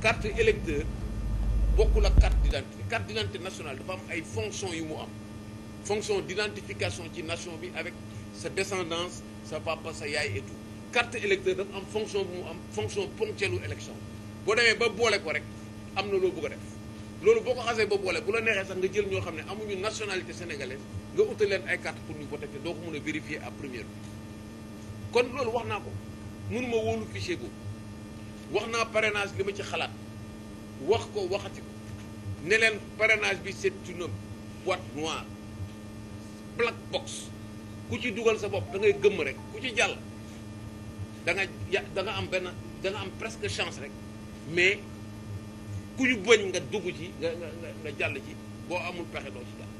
carte électeur bokkul ak carte d'identité carte d'identité nationale dafa am ay fonction yu mu am fonction d'identification ci nation bi avec sa descendance sa papa sa yaay et tout carte électeur dafa am fonction bu mu am fonction ponctuelle u élection boo demee ba boole ko rek am na loo bëgg a def loolu boo ko xasee ba boole bu la neexee sax nga jël ñoo xam ne amuñu nationalité sénégalaise nga utal leen ay carte pour ñu voter te doo ko mën a vérifier kon loolu wax naa ko mënuma wóolu fichier boobu wax naa parrainage li ma ci xalaat wax ko waxati ko ne leen parenage bi c'est une boîte noire black box ku ci dugal sa bopp da ngay gëmm rek ku ci jàll da nga da nga am benn da am presque chance rek mais ku ñu bëñ nga dugg ci nga nga nga jàll ci boo amul pexe doo ci jàll